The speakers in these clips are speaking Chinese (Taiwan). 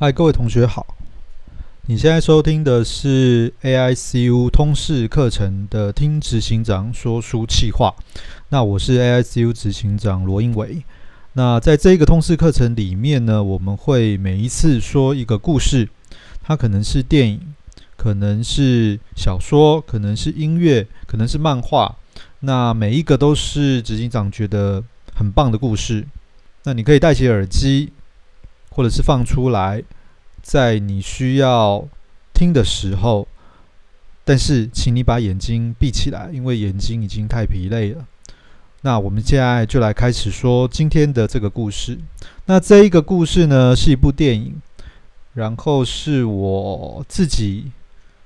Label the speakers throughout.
Speaker 1: 嗨，各位同學好！你現在收聽的是 A I C U 通識課程的《聽執行長說書氣話》。那我是 A I C U 執行長羅英偉。那在這個通識課程裡面呢，我們會每一次說一個故事，它可能是電影，可能是小說，可能是音樂，可能是漫畫。那每一個都是執行長覺得很棒的故事。那你可以戴起耳機。或者是放出來，在你需要聽的時候，但是請你把眼睛閉起來，因為眼睛已經太疲累了。那我們現在就來開始說今天的這個故事。那這一個故事呢，是一部電影，然後是我自己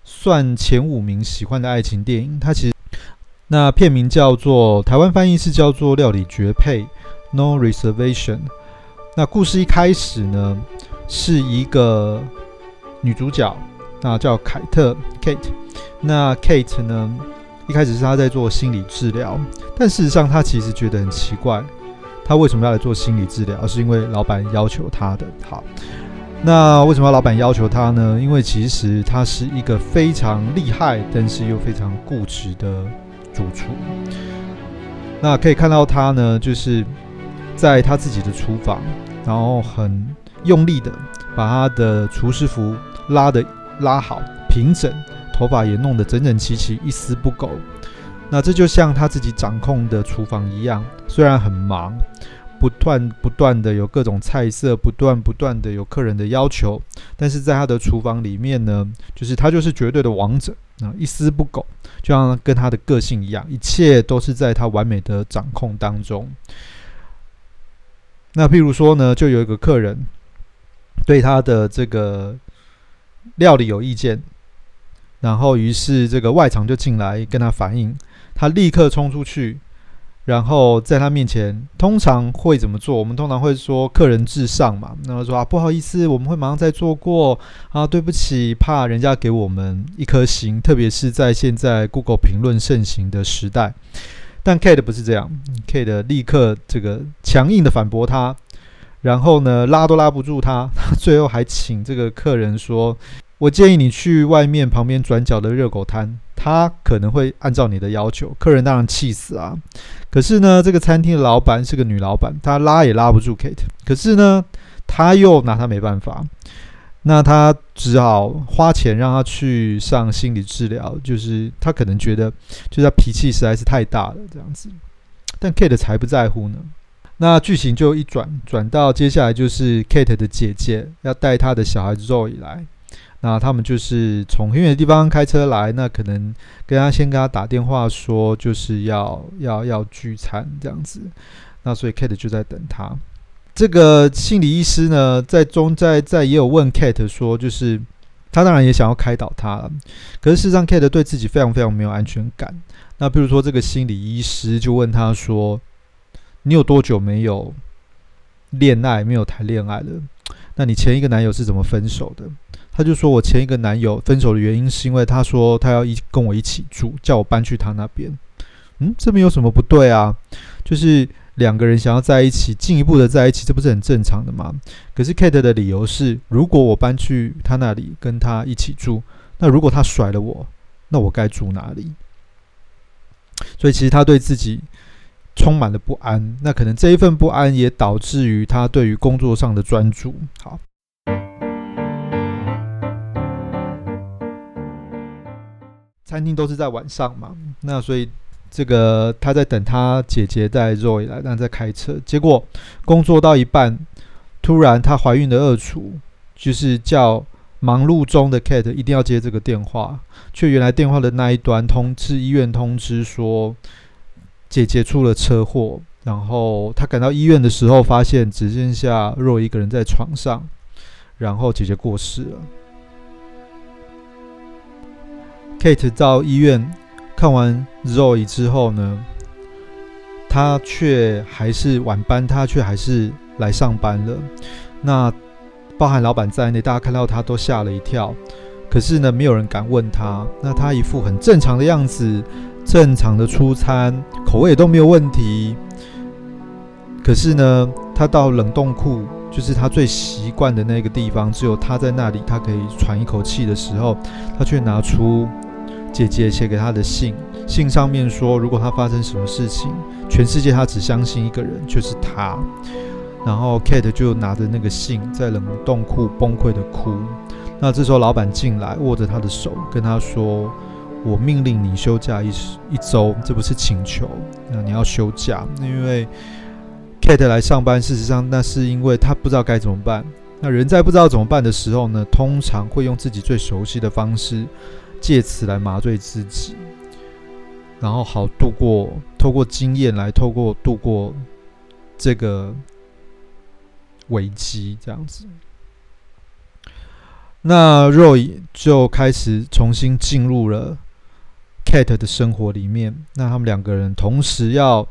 Speaker 1: 算前五名喜歡的愛情電影。它其實那片名叫做台灣翻譯是叫做《料理絕配》，No Reservations。那故事一開始呢，是一個女主角，那叫凱特 （Kate）。那 Kate 呢，一開始是她在做心理治療，但事實上她其實覺得很奇怪，她為什麼要來做心理治療？而是因為老板要求她的。好，那為什麼要老板要求她呢？因為其實她是一個非常厲害，但是又非常固執的主廚。那可以看到她呢，就是。在他自己的廚房，然後很用力的把他的廚師服拉得拉好平整，頭髮也弄得整整齊齊，一絲不苟。那這就像他自己掌控的廚房一樣，雖然很忙，不斷不斷的有各種菜色，不斷不斷的有客人的要求，但是在他的廚房裡面呢，就是他就是絕對的王者啊，一絲不苟，就像跟他的個性一樣，一切都是在他完美的掌控當中。那譬如說呢，就有一個客人對他的這個料理有意見，然後於是這個外場就進來跟他反映，他立刻衝出去，然後在他面前，通常會怎麼做？我們通常會說“客人至上”嘛，然後說啊，不好意思，我們會馬上再做過啊，對不起，怕人家給我們一顆星，特別是在現在 Google 評論盛行的時代。但 Kate 不是這樣，Kate 立刻這個強硬的反駁他，然後呢拉都拉不住他，他最後還請這個客人說：“我建議你去外面旁邊轉角的熱狗攤，他可能會按照你的要求。”客人當然氣死啊！可是呢，這個餐廳的老闆是個女老闆，她拉也拉不住 Kate，可是呢，她又拿她沒辦法。那他只好花錢讓他去上心理治療，就是他可能覺得，就是他脾氣實在是太大了這樣子。但 Kate 才不在乎呢。那劇情就一轉，轉到接下來就是 Kate 的姐姐要帶他的小孩子 Zoe 來，那他們就是從很遠的地方開車來，那可能跟他先跟他打電話說就是要要要聚餐這樣子，那所以 Kate 就在等他。這個心理醫師呢，在中在在也有問 Kate 說，就是他當然也想要開導他了，可是事實上 Kate 對自己非常非常沒有安全感。那比如說，這個心理醫師就問他說：“你有多久沒有戀愛？沒有談戀愛了？那你前一個男友是怎麼分手的？”他就說：“我前一個男友分手的原因是因為他說他要一跟我一起住，叫我搬去他那邊。”嗯，這邊有什麼不對啊？就是。兩個人想要在一起，進一步的在一起，這不是很正常的嗎？可是 Kate 的理由是，如果我搬去他那裡跟他一起住，那如果他甩了我，那我該住哪裡？所以其實他對自己充滿了不安。那可能這一份不安也導致於他對於工作上的專注。好，餐廳都是在晚上嘛，那所以。這個他在等他姐姐帶 Roy 來，然後在開車。結果工作到一半，突然他懷孕的二廚，就是叫忙碌中的 Kate 一定要接這個電話，却原來電話的那一端通知醫院通知說姐姐出了車禍。然後他趕到醫院的時候，發現只剩下 Roy 一個人在床上，然後姐姐過世了。 Kate 到醫院。看完肉 o 之後呢，他卻還是晚班，他卻還是來上班了。那包含老闆在內，大家看到他都嚇了一跳。可是呢，沒有人敢問他。那他一副很正常的樣子，正常的出餐，口味都沒有問題。可是呢，他到冷凍庫，就是他最習慣的那個地方，只有他在那裡，他可以喘一口氣的時候，他卻拿出姐姐寫給他的信，信上面說，如果他發生什麼事情，全世界他只相信一個人，就是他。然後 Kate 就拿着那個信，在冷凍庫崩潰地哭。那這時候老闆進來，握着他的手，跟他說：“我命令你休假一一周，這不是請求。”那你要休假，因為 Kate 來上班，事實上那是因為他不知道該怎麼辦。那人在不知道怎麼辦的時候呢，通常會用自己最熟悉的方式。借此來麻醉自己，然後好度過，透過經驗來透過度過這個危機，這樣子。那 Roy 就開始重新進入了 Kate 的生活裡面，那他們兩個人同時要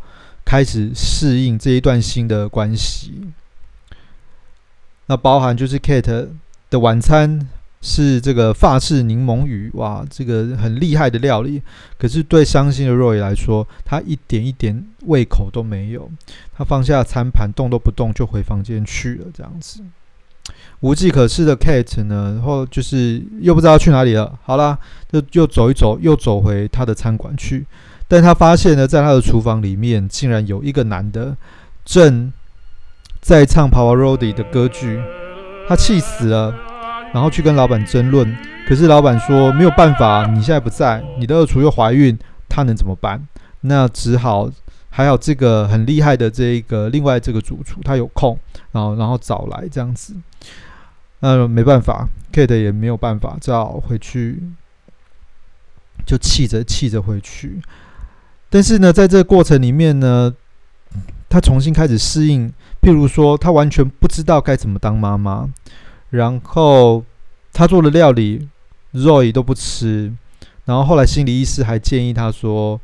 Speaker 1: 開始適應這一段新的關係，那包含就是 Kate 的晚餐。是這個法式檸檬魚，哇，這個很厲害的料理。可是對傷心的 Zoe 來說，他一點一點胃口都沒有，他放下餐盤，動都不動就回房間去了。這樣子，無計可施的 Kate 呢，然後就是又不知道去哪裡了。好啦，就又走一走，又走回他的餐館去。但他發現呢，在他的廚房裡面，竟然有一個男的正在唱《Pavarotti》的歌劇，他氣死了。然後去跟老闆爭論，可是老闆說沒有辦法，你現在不在，你的二廚又懷孕，他能怎麼辦？那只好，還有這個很厲害的這一個另外這個主廚，他有空，然後然後找來這樣子，那、呃、沒辦法，Kate 也沒有辦法，只好回去，就氣着氣着回去。但是呢，在這個過程裡面呢，他重新開始適應，譬如說，他完全不知道該怎麼當媽媽。然後他做的料理，Zoe 都不吃。然後後來心理醫師還建議他說：“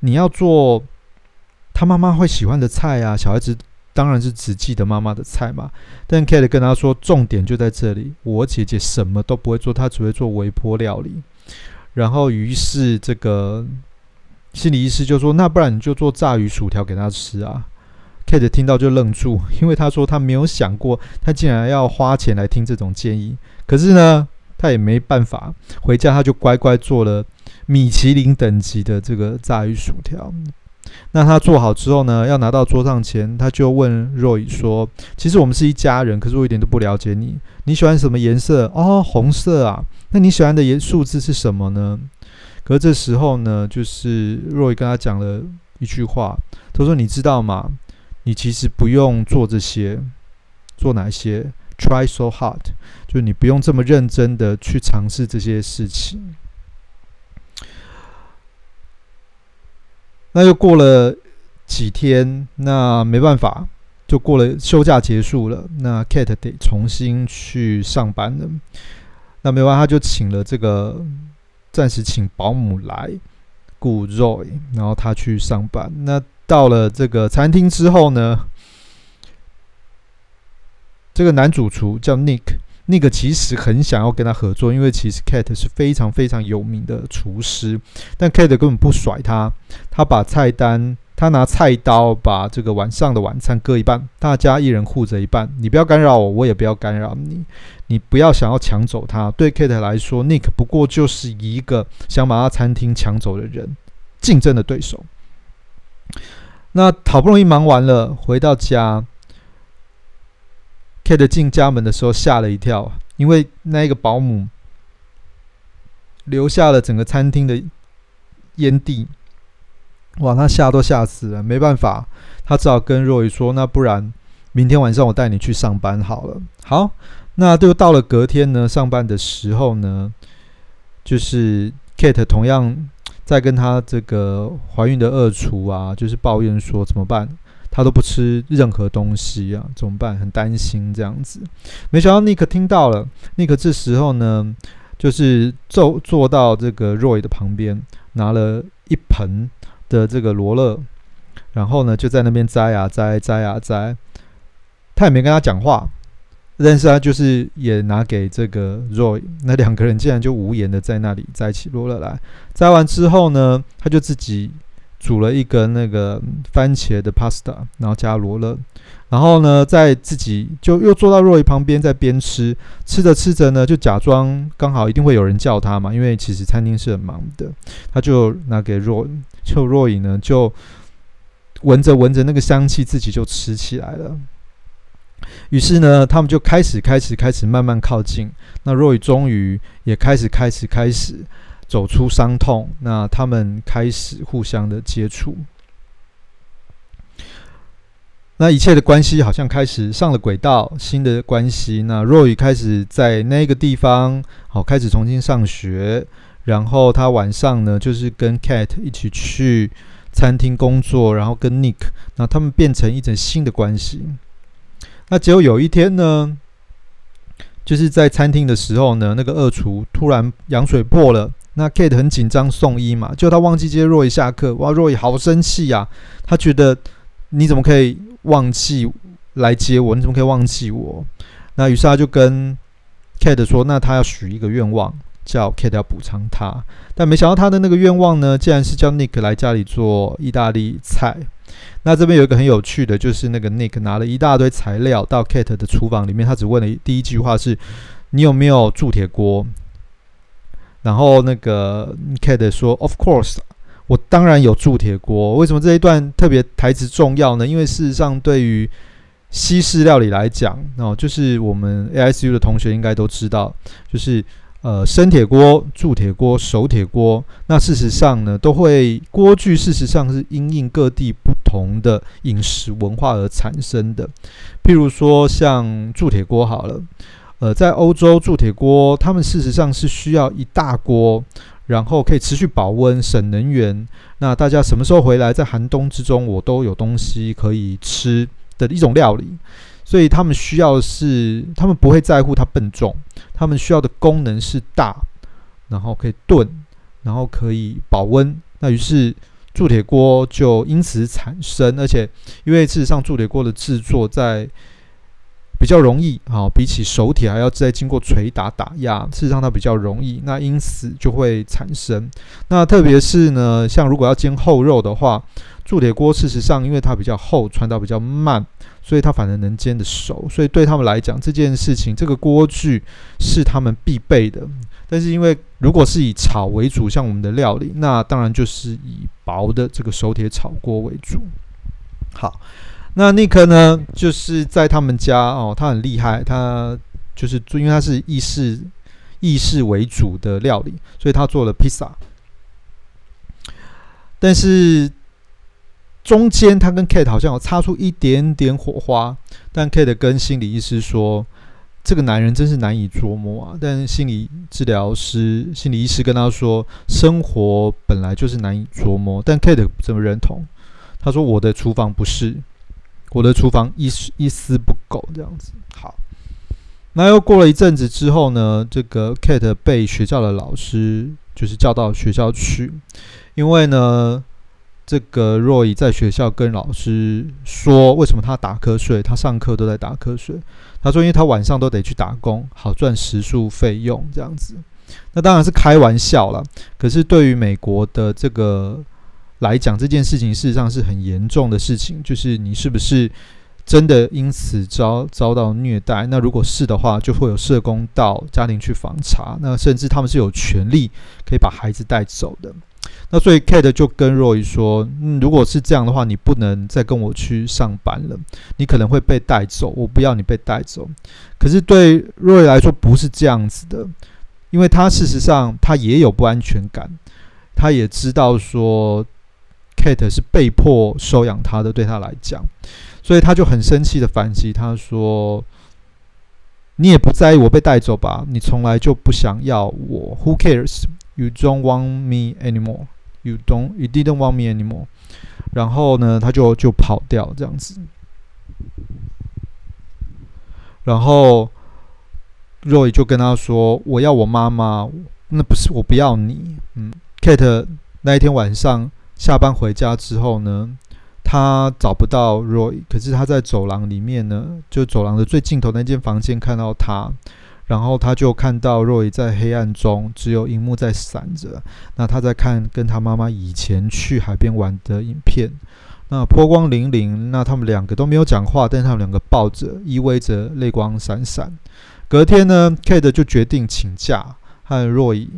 Speaker 1: 你要做他媽媽會喜歡的菜啊。”小孩子當然是只記得媽媽的菜嘛。但 Kate 跟他說，重點就在這裡：我姐姐什麼都不會做，她只會做微波料理。然後於是這個心理醫師就說：“那不然你就做炸魚薯條給他吃啊。” Kate 聽到就愣住，因為他說他沒有想過，他竟然要花錢來聽這種建議。可是呢，他也沒辦法，回家他就乖乖做了米其林等級的這個炸魚薯條。那他做好之後呢，要拿到桌上前，他就問 Roy 說：“其實我們是一家人，可是我一點都不了解你，你喜歡什麼顏色？哦，紅色啊？那你喜歡的顏數字是什麼呢？”可是這時候呢，就是 Roy 跟他講了一句話，他說：“你知道嗎？”你其實不用做這些，做哪些？Try so hard，就你不用這麼認真的去嘗試這些事情。那又過了幾天，那沒辦法，就過了休假結束了。那 Kate 得重新去上班了，那沒辦法，他就請了這個暫時請保姆來，顧 Zoe，然後他去上班。那。到了這個餐廳之後呢，這個男主廚叫 Nick，Nick 其實很想要跟他合作，因為其實 Kate 是非常非常有名的廚師，但 Kate 根本不甩他，他把菜單，他拿菜刀把這個晚上的晚餐割一半，大家一人護着一半，你不要干擾我，我也不要干擾你，你不要想要搶走他。對 Kate 來說，Nick 不過就是一個想把他餐廳搶走的人，競爭的對手。那好不容易忙完了，回到家，Kate 進家門的時候嚇了一跳，因為那個保姆留下了整個餐廳的煙蒂，哇，他嚇都嚇死了。沒辦法，他只好跟 Zoe 說：“那不然，明天晚上我帶你去上班好了。”好，那就到了隔天呢，上班的時候呢，就是 Kate 同樣。在跟他這個懷孕的二廚啊，就是抱怨說怎麼辦，他都不吃任何東西啊，怎麼辦，很擔心這樣子。沒想到尼克聽到了，尼克這時候呢，就是坐坐到這個 Roy 的旁邊，拿了一盆的這個羅勒，然後呢就在那邊摘啊摘，摘啊摘，他也沒跟他講話。但是他就是也拿給這個 Roy，那兩個人竟然就無言的在那裡摘起羅勒來。摘完之後呢，他就自己煮了一根那個番茄的 pasta，然後加羅勒，然後呢，在自己就又坐到 Roy 旁邊，在邊吃，吃着吃着呢，就假裝剛好一定會有人叫他嘛，因為其實餐廳是很忙的，他就拿給 Roy，就 Roy 呢就聞着聞着那個香氣，自己就吃起來了。於是呢，他們就開始開始開始慢慢靠近。那若雨終於也開始開始開始走出傷痛。那他們開始互相的接觸。那一切的關係好像開始上了軌道，新的關係。那若雨開始在那個地方，好、哦、開始重新上學。然後他晚上呢，就是跟 Cat 一起去餐廳工作，然後跟 Nick，那他們變成一種新的關係。.那結果有一天呢，就是在餐廳的時候呢，那個二廚突然羊水破了，那 Kate 很緊張送醫嘛，就他忘記接 Roy 下課，哇，Roy 好生氣呀、啊，他覺得你怎麼可以忘記來接我？你怎麼可以忘記我？那於是他就跟 Kate 說，那他要許一個願望，叫 Kate 要補償他，但沒想到他的那個願望呢，竟然是叫 Nick 來家裡做意大利菜。那這邊有一個很有趣的，就是那個 Nick 拿了一大堆材料到 Kate 的廚房裡面，他只問了第一句話是：“你有沒有鑄鐵鍋？”然後那個 Kate 說：“Of course，我當然有鑄鐵鍋。”為什麼這一段特別台詞重要呢？因為事實上，對於西式料理來講，哦，就是我們 AICU 的同學應該都知道，就是。呃，生鐵鍋、鑄鐵鍋、熟鐵鍋，那事實上呢，都會鍋具事實上是因應各地不同的飲食文化而產生的。譬如說，像鑄鐵鍋好了，呃，在歐洲鑄鐵鍋，他們事實上是需要一大鍋，然後可以持續保溫、省能源。那大家什麼時候回來，在寒冬之中，我都有東西可以吃的一種料理。所以他們需要的是，他們不會在乎它笨重，他們需要的功能是大，然後可以燉，然後可以保溫。那於是鑄鐵鍋就因此產生，而且因為事實上鑄鐵鍋的制作在比較容易，好、哦、比起熟鐵還要再經過捶打打壓，事實上它比較容易，那因此就會產生。那特別是呢，像如果要煎厚肉的話，鑄鐵鍋事實上因為它比較厚，傳導比較慢。所以他反而能煎得熟，所以對他們來講，這件事情這個鍋具是他們必備的。但是因為如果是以炒為主，像我們的料理，那當然就是以薄的這個熟鐵炒鍋為主。好，那尼克呢，就是在他們家哦，他很厲害，他就是因為他是意式意式為主的料理，所以他做了披薩，但是。中間他跟 Kate 好像有擦出一點點火花，但 Kate 跟心理醫師說，這個男人真是難以捉摸啊。但心理治療師、心理醫師跟他說，生活本來就是難以捉摸。但 Kate 不怎麼認同，他說我的廚房不是，我的廚房一絲一絲不苟這樣子。好，那又過了一陣子之後呢，這個 Kate 被學校的老師就是叫到學校去，因為呢。這個 Zoe 在學校跟老師說，為什麼他打瞌睡？他上課都在打瞌睡。他說，因為他晚上都得去打工，好賺食宿費用這樣子。那當然是開玩笑了。可是對於美國的這個來講，這件事情事實上是很嚴重的事情，就是你是不是真的因此遭遭到虐待？那如果是的話，就會有社工到家庭去訪查，那甚至他們是有權利可以把孩子帶走的。那所以 Kate 就跟 Zoe 說，嗯，“如果是這樣的話，你不能再跟我去上班了，你可能會被帶走。我不要你被帶走。”可是對 Zoe 來說不是這樣子的，因為他事實上他也有不安全感，他也知道說 Kate 是被迫收養他的，對他來講，所以他就很生氣的反擊，他說：“你也不在意我被帶走吧？你從來就不想要我。Who cares？” You don't want me anymore. You don't. You didn't want me anymore. 然後呢，他就就跑掉這樣子。然後 Zoe 就跟他說：“我要我媽媽。那不是我不要你。嗯”嗯，Kate 那一天晚上下班回家之後呢，他找不到 Zoe，可是他在走廊裡面呢，就走廊的最盡頭那間房間看到他。然後他就看到 Zoe 在黑暗中，只有熒幕在閃着。那他在看跟他媽媽以前去海邊玩的影片，那波光粼粼。那他們兩個都沒有講話，但他們兩個抱着依偎着，淚光閃閃。隔天呢，Kate 就決定請假和 Zoe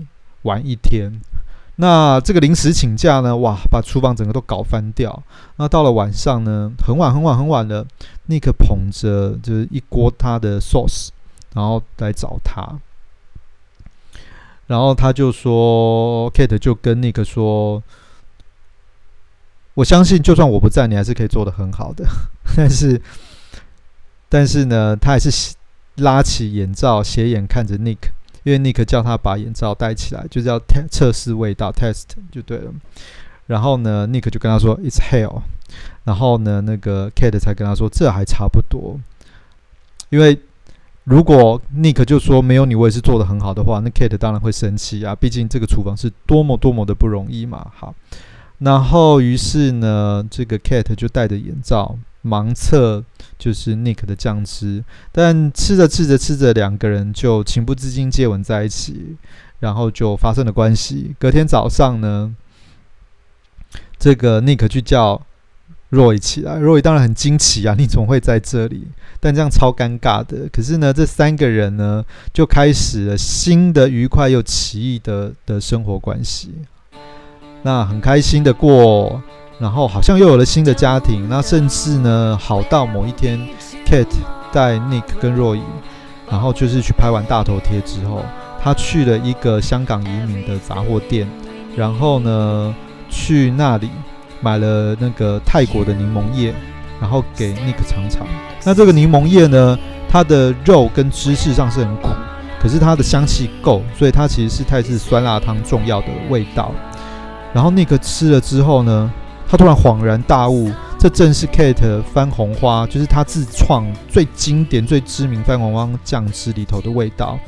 Speaker 1: 玩一天。那這個臨時請假呢，哇，把廚房整個都搞翻掉。那到了晚上呢，很晚很晚很晚了，Nick 捧着就是一鍋他的 sauce。然後來找他，然後他就說：“Kate 就跟那個說，我相信就算我不在，你還是可以做得很好的。但是，但是呢，他還是拉起眼罩，斜眼看着 Nick，因為 Nick 叫他把眼罩戴起來，就是要測試味道 （test） 就對了。然後呢，Nick 就跟他說：‘It's hell。’然後呢，那個 Kate 才跟他說：‘這還差不多。’因為……如果 Nick 就說沒有你我也是做的很好的話，那 Kate 當然會生氣啊！畢竟這個廚房是多麼多麼的不容易嘛。好，然後於是呢，這個 Kate 就戴着眼罩盲測，就是 Nick 的醬汁。但吃着吃着吃着，兩個人就情不自禁接吻在一起，然後就發生了關係。隔天早上呢，這個 Nick 去叫。Zoe 起來，Zoe 當然很驚奇啊，你怎麼會在這裡？但這樣超尷尬的。可是呢，這三個人呢，就開始了新的愉快又奇異的的生活關係。那很開心的過，然後好像又有了新的家庭。那甚至呢，好到某一天，Kate 帶 Nick 跟 Zoe，然後就是去拍完大頭貼之後，他去了一個香港移民的雜貨店，然後呢，去那裡。買了那個泰國的檸檬葉，然後給尼克嘗嘗。那這個檸檬葉呢，它的肉跟芝士上是很苦，可是它的香氣夠，所以它其實是泰式酸辣湯重要的味道。然後尼克吃了之後呢，他突然恍然大悟，這正是 Kate 番紅花，就是他自創最經典、最知名番紅花醬汁裡頭的味道。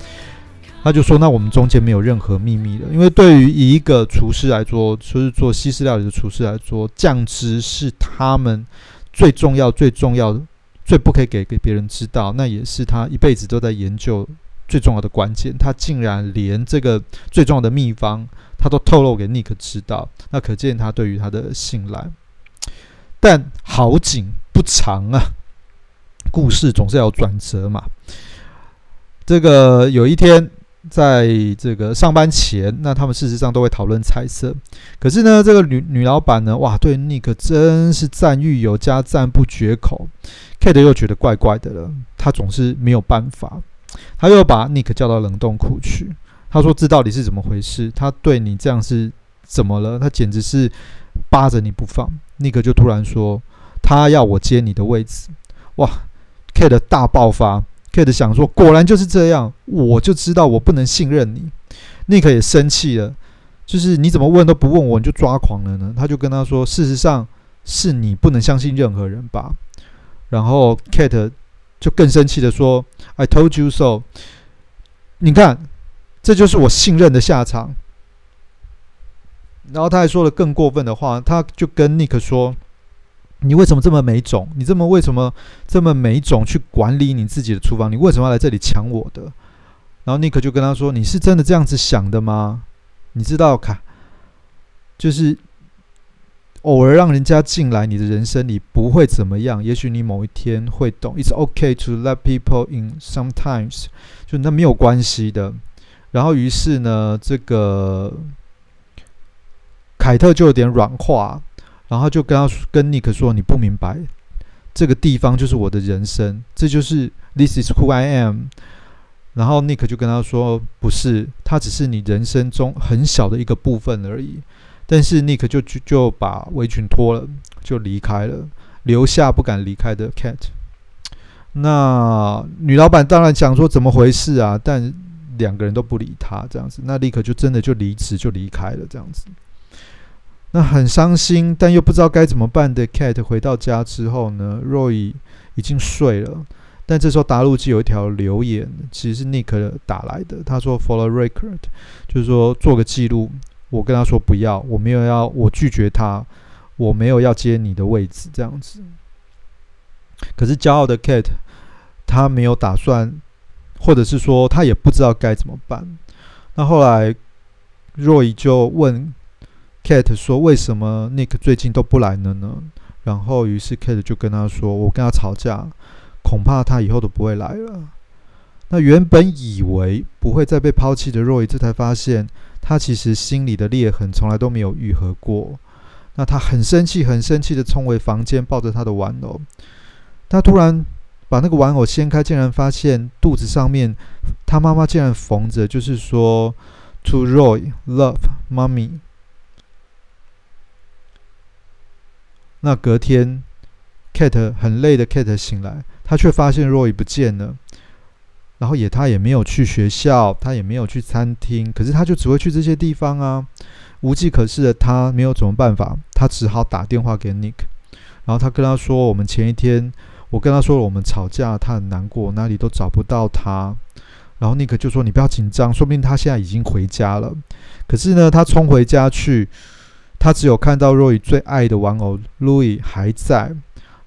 Speaker 1: 他就說：“那我們中間沒有任何秘密的，因為對於一個廚師來說，就是做西式料理的廚師來說，醬汁是他們最重要、最重要、最不可以給給別人知道，那也是他一輩子都在研究最重要的關鍵。他竟然連這個最重要的秘方，他都透露給尼克知道，那可見他對於他的信賴。但好景不長啊，故事總是要有轉折嘛。這個有一天。”在這個上班前，那他們事實上都會討論猜測。可是呢，這個女女老闆呢，哇，對 Nick 真是讚譽有加，讚不絕口。Kate 又覺得怪怪的了，她總是沒有辦法。她又把 Nick 叫到冷凍庫去，她說，這到底是怎麼回事？她對你這樣是怎麼了？她簡直是扒着你不放。Nick 就突然說，她要我接你的位置。哇，Kate 大爆發。Kate 想說，果然就是這樣，我就知道我不能信任你。Nick 也生氣了，就是你怎麼問都不問我，你就抓狂了呢？他就跟他說，事實上是你不能相信任何人吧。然後 Kate 就更生氣的說：“I told you so，你看，這就是我信任的下場。”然後他還說了更過分的話，他就跟 Nick 說。你為什麼這麼沒種？你這麼為什麼這麼沒種去管理你自己的廚房？你為什麼要來這裡搶我的？然後尼克就跟他說：“你是真的這樣子想的嗎？你知道，卡，就是偶爾讓人家進來，你的人生你不會怎麼樣。也許你某一天會懂。It's okay to let people in sometimes，就那沒有關係的。然後於是呢，這個凱特就有點軟化。”然後就跟他說，跟 Nick 說，你不明白，這個地方就是我的人生，這就是 This is who I am。然後 Nick 就跟他說，不是，他只是你人生中很小的一個部分而已。但是 Nick 就就就把圍裙脫了，就離開了，留下不敢離開的 Cat。那女老板當然講說怎麼回事啊，但兩個人都不理他這樣子，那 Nick 就真的就離職就離開了這樣子。那很傷心，但又不知道該怎麼辦的 Kate 回到家之後呢，Roy 已經睡了，但這時候答錄機有一條留言，其實是 Nick 打來的。他說 "For the record"，就是說做個記錄。我跟他說不要，我沒有要，我拒絕他，我沒有要接你的位置這樣子。可是驕傲的 Kate，他沒有打算，或者是說他也不知道該怎麼辦。那後來，Roy 就問。Kate 說：“為什麼 Nick 最近都不來了呢？”然後，於是 Kate 就跟他說：“我跟他吵架，恐怕他以後都不會來了。”那原本以為不會再被拋棄的 Roy，這才發現他其實心裡的裂痕從來都沒有愈合過。那他很生氣，很生氣的衝回房間，抱着他的玩偶。他突然把那個玩偶掀開，竟然發現肚子上面他媽媽竟然縫着，就是說 “To Roy, Love, Mommy.” 那隔天，Kate 很累的，Kate 醒來，他卻發現 Zoe 不見了，然後也他也沒有去學校，他也沒有去餐廳，可是他就只會去這些地方啊，無計可施的他沒有什麼辦法，他只好打電話給 Nick，然後他跟他說：“我們前一天我跟他說了我們吵架，他很難過，哪裡都找不到他。”然後 Nick 就說：“你不要緊張，說不定他現在已經回家了。”可是呢，他衝回家去。他只有看到 Roy 最愛的玩偶，Louis 還在。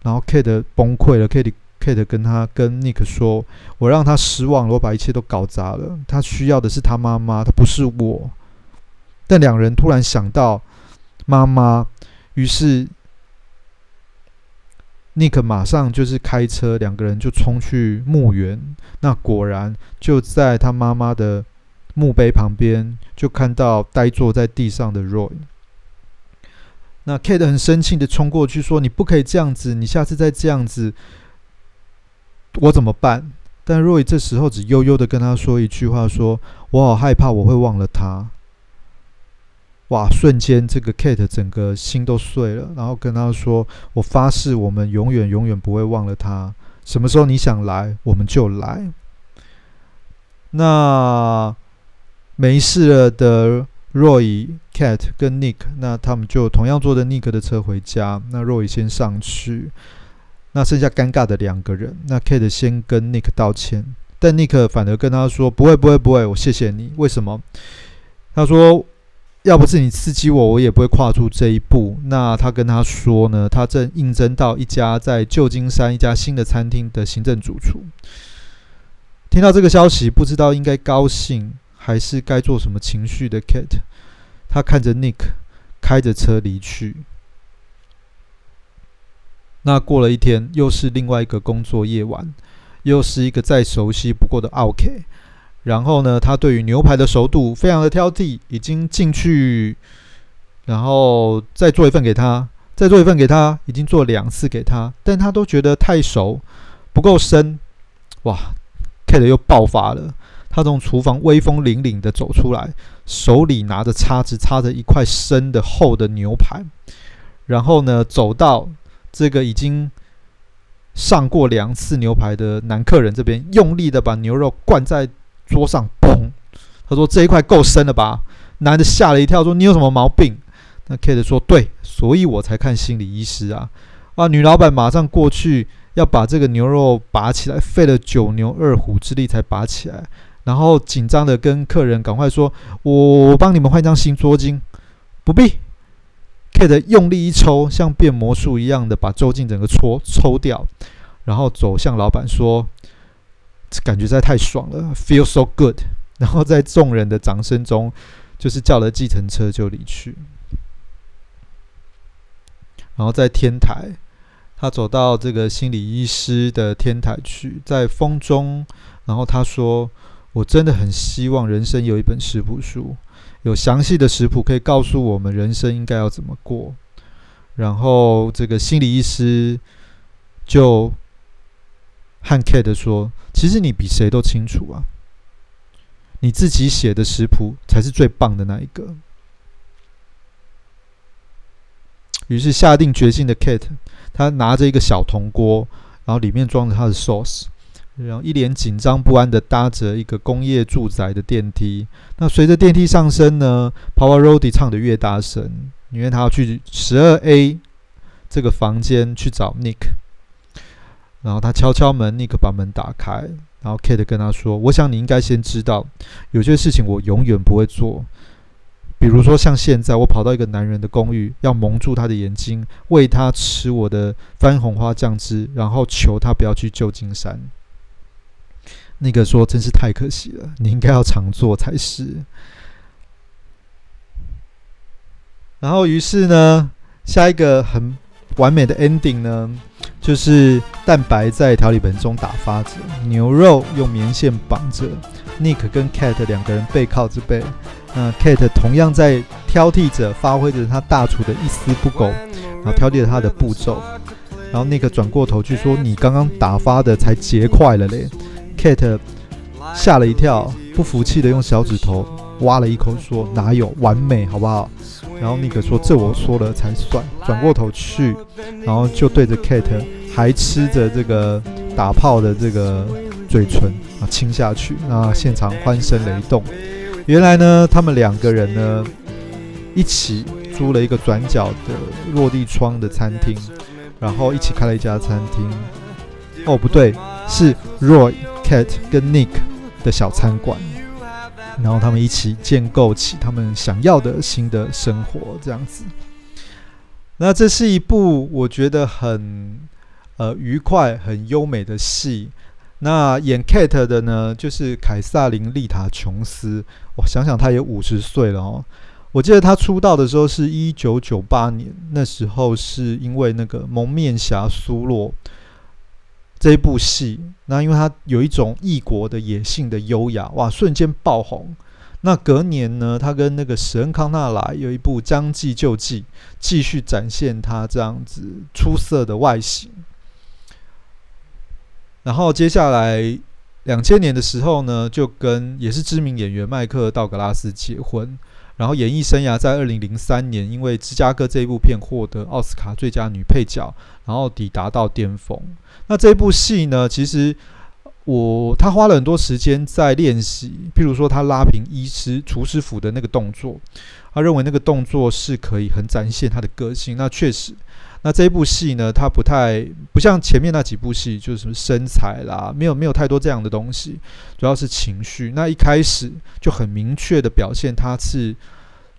Speaker 1: 然後 Kate 崩潰了，Kate Kate 跟他跟 Nick 說：“我讓他失望了，我把一切都搞砸了。他需要的是他媽媽，他不是我。”但兩人突然想到媽媽，於是 Nick 馬上就是開車，兩個人就衝去墓園。那果然就在他媽媽的墓碑旁邊，就看到呆坐在地上的 Roy。那 Kate 很生氣的衝過去說：“你不可以這樣子，你下次再這樣子，我怎麼辦？”但 Zoe 這時候只悠悠的跟他說一句話說：“說我好害怕，我會忘了他。”哇！瞬間這個 Kate 整個心都碎了，然後跟他說：“我發誓，我們永遠永遠不會忘了他。什麼時候你想來，我們就來。”那沒事了的 Zoe。Kate 跟 Nick，那他們就同樣坐着 Nick 的車回家。那若雨先上去，那剩下尷尬的兩個人。那 Kate 先跟 Nick 道歉，但 Nick 反而跟他說：“不會，不會，不會，我謝謝你。”為什麼？他說：“要不是你刺激我，我也不會跨出這一步。”那他跟他說呢？他正應徵到一家在舊金山一家新的餐廳的行政主廚。聽到這個消息，不知道應該高興還是該做什麼情緒的 Kate。他看着 Nick 開着車離去。那過了一天，又是另外一個工作夜晚，又是一個再熟悉不過的奧客。然後呢，他對於牛排的熟度非常的挑剔，已經進去，然後再做一份給他，再做一份給他，已經做兩次給他，但他都覺得太熟，不夠生。哇，Kate 又爆發了，他從廚房威風凜凜的走出來。.手裡拿着叉子，叉着一塊生的、厚的牛排，然後呢，走到這個已經上過兩次牛排的男客人這邊，用力地把牛肉摜在桌上，砰！他說：“這一塊夠生了吧？”男的嚇了一跳，說：“你有什麼毛病？”那 Kate 說：“對，所以我才看心理醫師啊！”啊，女老闆馬上過去要把這個牛肉拔起來，費了九牛二虎之力才拔起來。然後緊張的跟客人趕快說：“我我幫你們換一張新桌巾。”不必。Kate 用力一抽，像變魔術一樣的把桌巾整個搓抽，抽掉，然後走向老板說：“這感覺實在太爽了、mm -hmm.，feel so good。”然後在眾人的掌聲中，就是叫了計程車就離去。然後在天台，他走到這個心理醫師的天台去，在風中，然後他說。我真的很希望人生有一本食譜書，有詳細的食譜可以告訴我們人生應該要怎麼過。然後這個心理醫師就和 Kate 說：“其實你比誰都清楚啊，你自己寫的食譜才是最棒的那一個。”於是下定決心的 Kate，她拿着一個小銅鍋，然後裡面裝着她的 sauce。然後一臉緊張不安地搭着一個工業住宅的電梯。那隨着電梯上升呢，Pavarotti 唱得越大聲，因為他要去十二 A 這個房間去找 Nick。然後他敲敲門，Nick 把門打開，然後 Kate 跟他說：“我想你應該先知道，有些事情我永遠不會做，比如說像現在，我跑到一個男人的公寓，要蒙住他的眼睛，餵他吃我的番紅花醬汁，然後求他不要去舊金山。”那個說：“真是太可惜了，你應該要常做才是。”然後於是呢，下一個很完美的 ending 呢，就是蛋白在調理盆中打發着，牛肉用棉線綁着，Nick 跟 Cat 兩個人背靠著背，那 Cat 同樣在挑剔着，發揮着他大廚的一絲不苟，啊，挑剔着他的步驟。然後 Nick 轉過頭去說：“你剛剛打發的才結塊了嘞。” Kate 嚇了一跳，不服氣的用小指頭挖了一口，說：“哪有完美，好不好？”然後尼克說：“這我說了才算。”轉過頭去，然後就對着 Kate，還吃着這個打炮的這個嘴唇啊親下去。那現場歡聲雷動。原來呢，他們兩個人呢，一起租了一個轉角的落地窗的餐廳，然後一起開了一家餐廳。哦，不對，是 Roy。Kate 跟 Nick 的小餐館，然後他們一起建構起他們想要的新的生活，這樣子。那這是一部我覺得很呃愉快、很優美的戲。那演 Kate 的呢，就是凱薩琳·麗塔·瓊斯。我想想，她也五十歲了哦。我記得她出道的時候是一九九八年，那時候是因為那個《蒙面俠蘇洛》這一部戲，那因為他有一種異國的野性的優雅，哇，瞬間爆紅。那隔年呢，他跟那個史恩康納萊有一部《將計就計》，繼續展現他這樣子出色的外形。然後接下來兩千年的時候呢，就跟也是知名演員麥克道格拉斯結婚。然後演藝生涯在二零零三年，因為《芝加哥》這一部片獲得奧斯卡最佳女配角，然後抵達到巔峰。那這部戲呢？其實我他花了很多時間在練習，譬如說他拉平醫師廚師服的那個動作，他認為那個動作是可以很展現他的個性。那確實。那這部戲呢，它不太不像前面那幾部戲，就是什麼身材啦，沒有沒有太多這樣的東西，主要是情緒。那一開始就很明確的表現，他是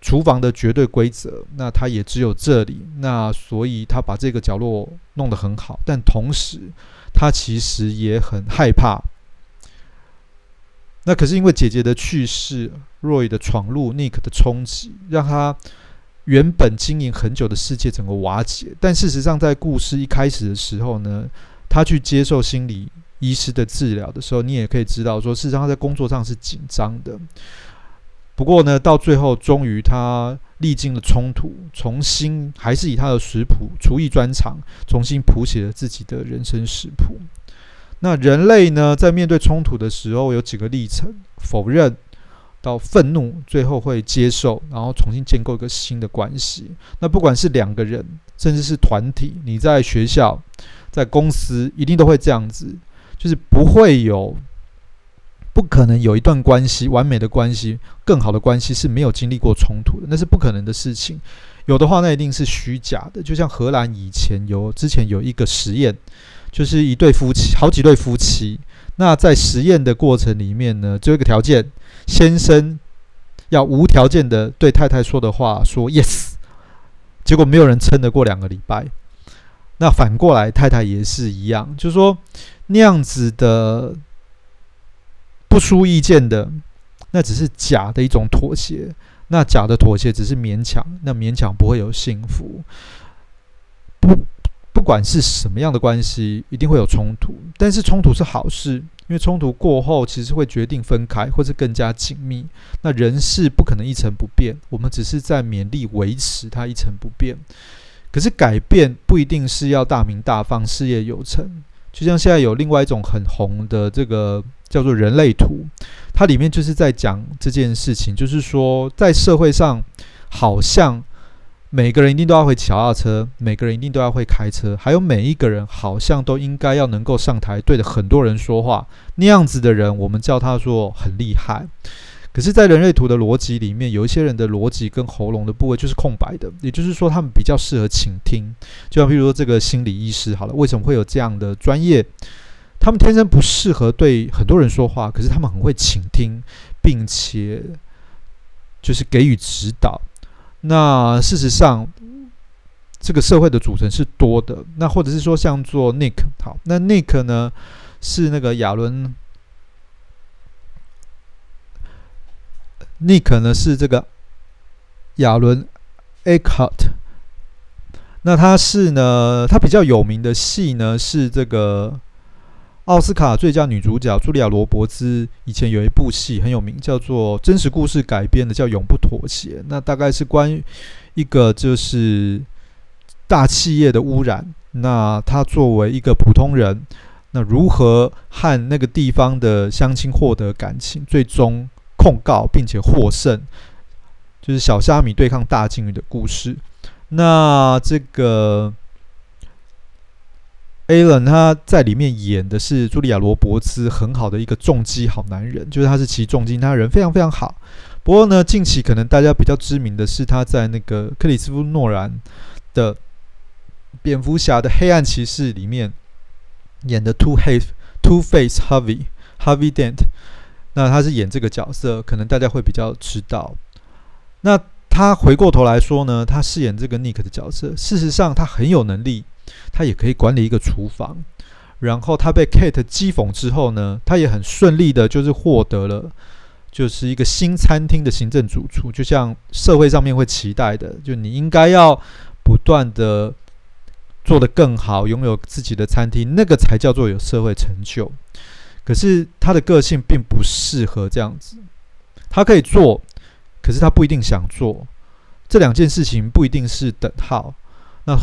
Speaker 1: 廚房的絕對規則，那他也只有這裡，那所以他把這個角落弄得很好，但同時他其實也很害怕。那可是因為姐姐的去世，Roy 的闖入，Nick 的衝擊，讓他。原本經營很久的世界整個瓦解，但事實上，在故事一開始的時候呢，他去接受心理醫師的治療的時候，你也可以知道說，事實上他在工作上是緊張的。不過呢，到最後終於他歷經了衝突，重新還是以他的食譜、廚藝專長，重新譜寫了自己的人生食譜。那人類呢，在面對衝突的時候，有幾個歷程：否認。到憤怒，最後會接受，然後重新建構一個新的關係。那不管是兩個人，甚至是團體，你在學校、在公司，一定都會這樣子，就是不會有、不可能有一段關係完美的關係、更好的關係是沒有經歷過衝突的，那是不可能的事情。有的話，那一定是虛假的。就像荷蘭以前有之前有一個實驗，就是一對夫妻，好幾對夫妻。那在實驗的過程裡面呢，只有一個條件。先生要無條件的對太太說的話說 yes，結果沒有人撐得過兩個禮拜。那反過來太太也是一樣，就是說那樣子的不抒意見的，那只是假的一種妥協。那假的妥協只是勉強，那勉強不會有幸福。不。不管是什麼樣的關係，一定會有衝突。但是衝突是好事，因為衝突過後，其實會決定分開或是更加緊密。那人事不可能一成不變，我們只是在勉力維持它一成不變。可是改變不一定是要大鳴大放、事業有成。就像現在有另外一種很紅的這個叫做人類圖，它裡面就是在講這件事情，就是說在社會上好像。每個人一定都要會騎二車，每個人一定都要會開車，還有每一個人好像都應該要能夠上台對着很多人說話那樣子的人，我們叫他說很厲害。可是，在人類圖的邏輯裡面，有一些人的邏輯跟喉嚨的部位就是空白的，也就是說，他們比較適合傾聽。就像譬如說這個心理醫師，好了，為什麼會有這樣的專業？他們天生不適合對很多人說話，可是他們很會傾聽，並且就是給予指導。那事實上，這個社會的組成是多的。那或者是說，像做 Nick 好，那 Nick 呢是那個亞倫，Nick 呢是這個亞倫，Eckhart。那他是呢，他比較有名的戲呢是這個。奧斯卡最佳女主角茱莉亞·羅伯茨，以前有一部戲很有名，叫做真實故事改編的，叫《永不妥協》。那大概是關於一個就是大企業的污染，那她作為一個普通人，那如何和那個地方的鄉親獲得感情，最終控告並且獲勝，就是小蝦米對抗大鯨魚的故事。那這個。Alan 他在裡面演的是茱莉亞羅伯茨，很好的一個重機好男人，就是他是騎重機，他人非常非常好。不過呢，近期可能大家比較知名的是他在那個克里斯托夫諾蘭的《蝙蝠俠的黑暗騎士》裡面演的 Two Face Two Face Harvey Harvey Dent，那他是演這個角色，可能大家會比較知道。那他回過頭來說呢，他飾演這個 Nick 的角色，事實上他很有能力。他也可以管理一個廚房，然後他被 Kate 譏諷之後呢，他也很順利的，就是獲得了就是一個新餐廳的行政主廚，就像社會上面會期待的，就你應該要不斷的做得更好，擁有自己的餐廳，那個才叫做有社會成就。可是他的個性並不適合這樣子，他可以做，可是他不一定想做，這兩件事情不一定是等號。那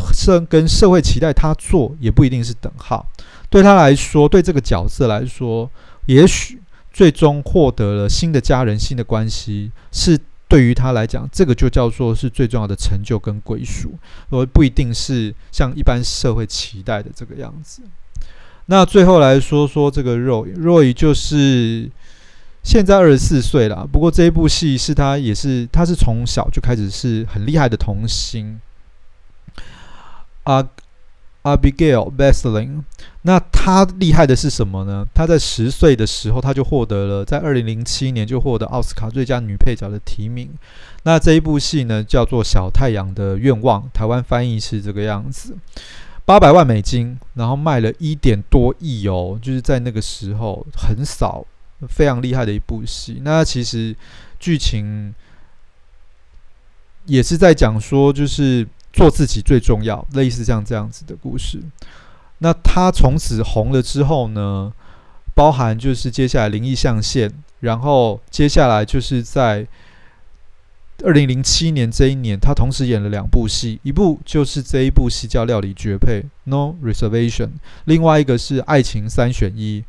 Speaker 1: 跟社會期待他做也不一定是等號，對他來說，對這個角色來說，也許最終獲得了新的家人、新的關係，是對於他來講，這個就叫做是最重要的成就跟歸屬，而不一定是像一般社會期待的這個樣子。那最後來說說這個 Roy，Roy 就是現在二十四歲了，不過這一部戲是他也是，他是從小就開始是很厲害的童星。阿阿比蓋爾·貝斯林，那他厲害的是什麼呢？他在十歲的時候，他就獲得了在二零零七年就獲得奧斯卡最佳女配角的提名。那這一部戲呢，叫做《小太陽的願望》，台灣翻譯是這個樣子。八百萬美金，然後賣了一點多億哦，就是在那個時候，很少非常厲害的一部戲。那其實劇情也是在講說，就是。做自己最重要，類似像這樣子的故事。那他從此紅了之後呢，包含就是接下來《靈異象限》，然後接下來就是在二零零七年這一年，他同時演了兩部戲，一部就是這一部戲叫《料理絕配 No Reservation》，另外一個是《愛情三選一》，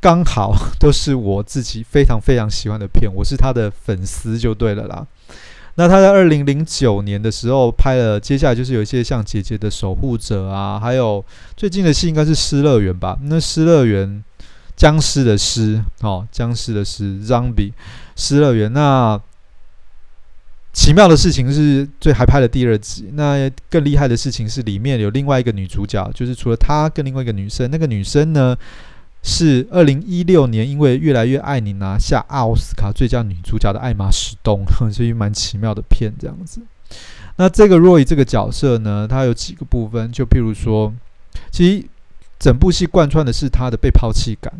Speaker 1: 剛好都是我自己非常非常喜歡的片，我是他的粉絲就對了啦。那他在二零零九年的時候拍了，接下來就是有一些像《姐姐的守護者》啊，還有最近的戲應該是《屍樂園》吧？那《屍樂園》僵屍的屍哦，僵屍的屍 （zombie）《屍樂園》那。那奇妙的事情是最還拍了第二集。那更厲害的事情是裡面有另外一個女主角，就是除了她跟另外一個女生，那個女生呢？是二零一六年，因為越來越愛你拿下奧斯卡最佳女主角的艾瑪史東，所以蠻奇妙的片這樣子。那這個 Zoe 這個角色呢，他有幾個部分，就譬如說，其實整部戲貫穿的是他的被拋棄感。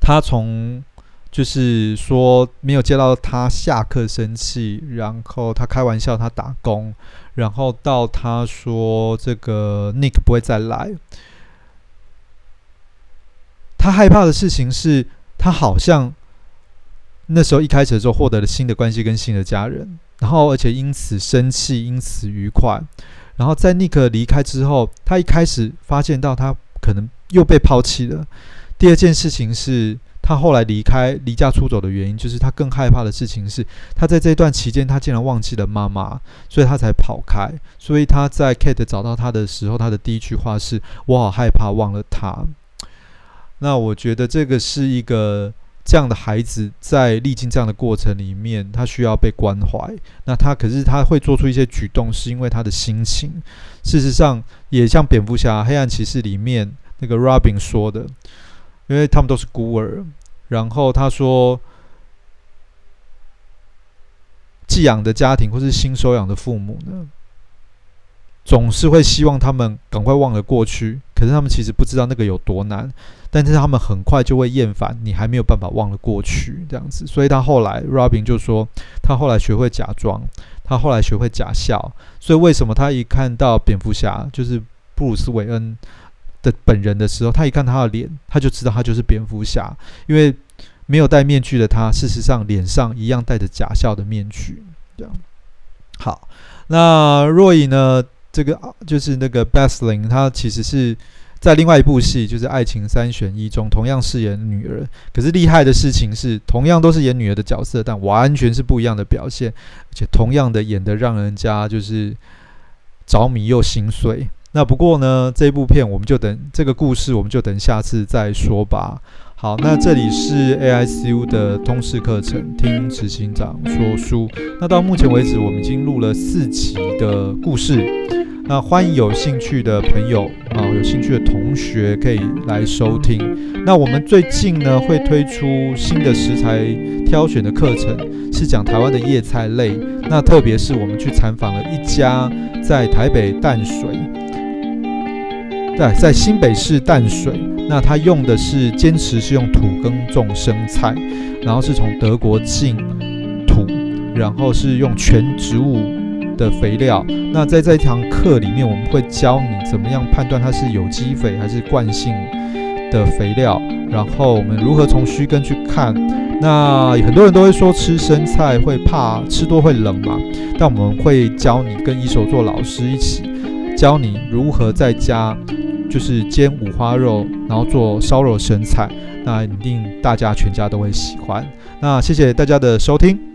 Speaker 1: 他從就是說沒有接到他下課生氣，然後他開玩笑他打工，然後到他說這個 Nick 不會再來。他害怕的事情是，他好像那時候一開始的時候獲得了新的關係跟新的家人，然後而且因此生氣，因此愉快。然後在尼克離開之後，他一開始發現到他可能又被拋棄了。第二件事情是他後來離開離家出走的原因，就是他更害怕的事情是，他在這段期間他竟然忘記了媽媽，所以他才跑開。所以他在 Kate 找到他的時候，他的第一句話是：“我好害怕忘了她。”那我覺得這個是一個這樣的孩子，在歷經這樣的過程裡面，他需要被關懷。那他可是他會做出一些舉動，是因為他的心情。事實上，也像蝙蝠俠、黑暗騎士裡面那個 Robin 說的，因為他們都是孤兒。然後他說，寄養的家庭或是新收養的父母呢，總是會希望他們趕快忘了過去。可是他們其實不知道那個有多難，但是他們很快就會厭煩。你還沒有辦法忘了過去這樣子，所以他後來 Robin 就說，他後來學會假裝，他後來學會假笑。所以為什麼他一看到蝙蝠俠就是布魯斯韋恩的本人的時候，他一看他的臉，他就知道他就是蝙蝠俠，因為沒有戴面具的他，事實上臉上一樣戴着假笑的面具。這樣好，那 Zoe 呢？這個就是那個 Breslin 他其實是在另外一部戲，就是《愛情三選一》中，同樣飾演女兒。可是厲害的事情是，同樣都是演女兒的角色，但完全是不一樣的表現，而且同樣的演得讓人家就是着迷又心碎。那不過呢，這部片我們就等這個故事，我們就等下次再說吧。好，那這裡是 AICU 的通識課程，聽執行長說書。那到目前為止，我們已經錄了四期的故事。那歡迎有興趣的朋友啊、哦，有興趣的同學可以來收聽。那我們最近呢，會推出新的食材挑選的課程，是講台灣的葉菜類。那特別是我們去採訪了一家在台北淡水，在新北市淡水，那他用的是堅持是用土耕種生菜，然後是從德國進土，然後是用全植物的肥料。那在這一堂課裡面，我們會教你怎麼樣判斷它是有機肥還是慣性的肥料，然後我們如何從虛根去看。那很多人都會說吃生菜會怕吃多會冷嘛，但我們會教你跟一手做老師一起教你如何在家，就是煎五花肉，然後做燒肉生菜，那一定大家全家都會喜歡。那謝謝大家的收聽。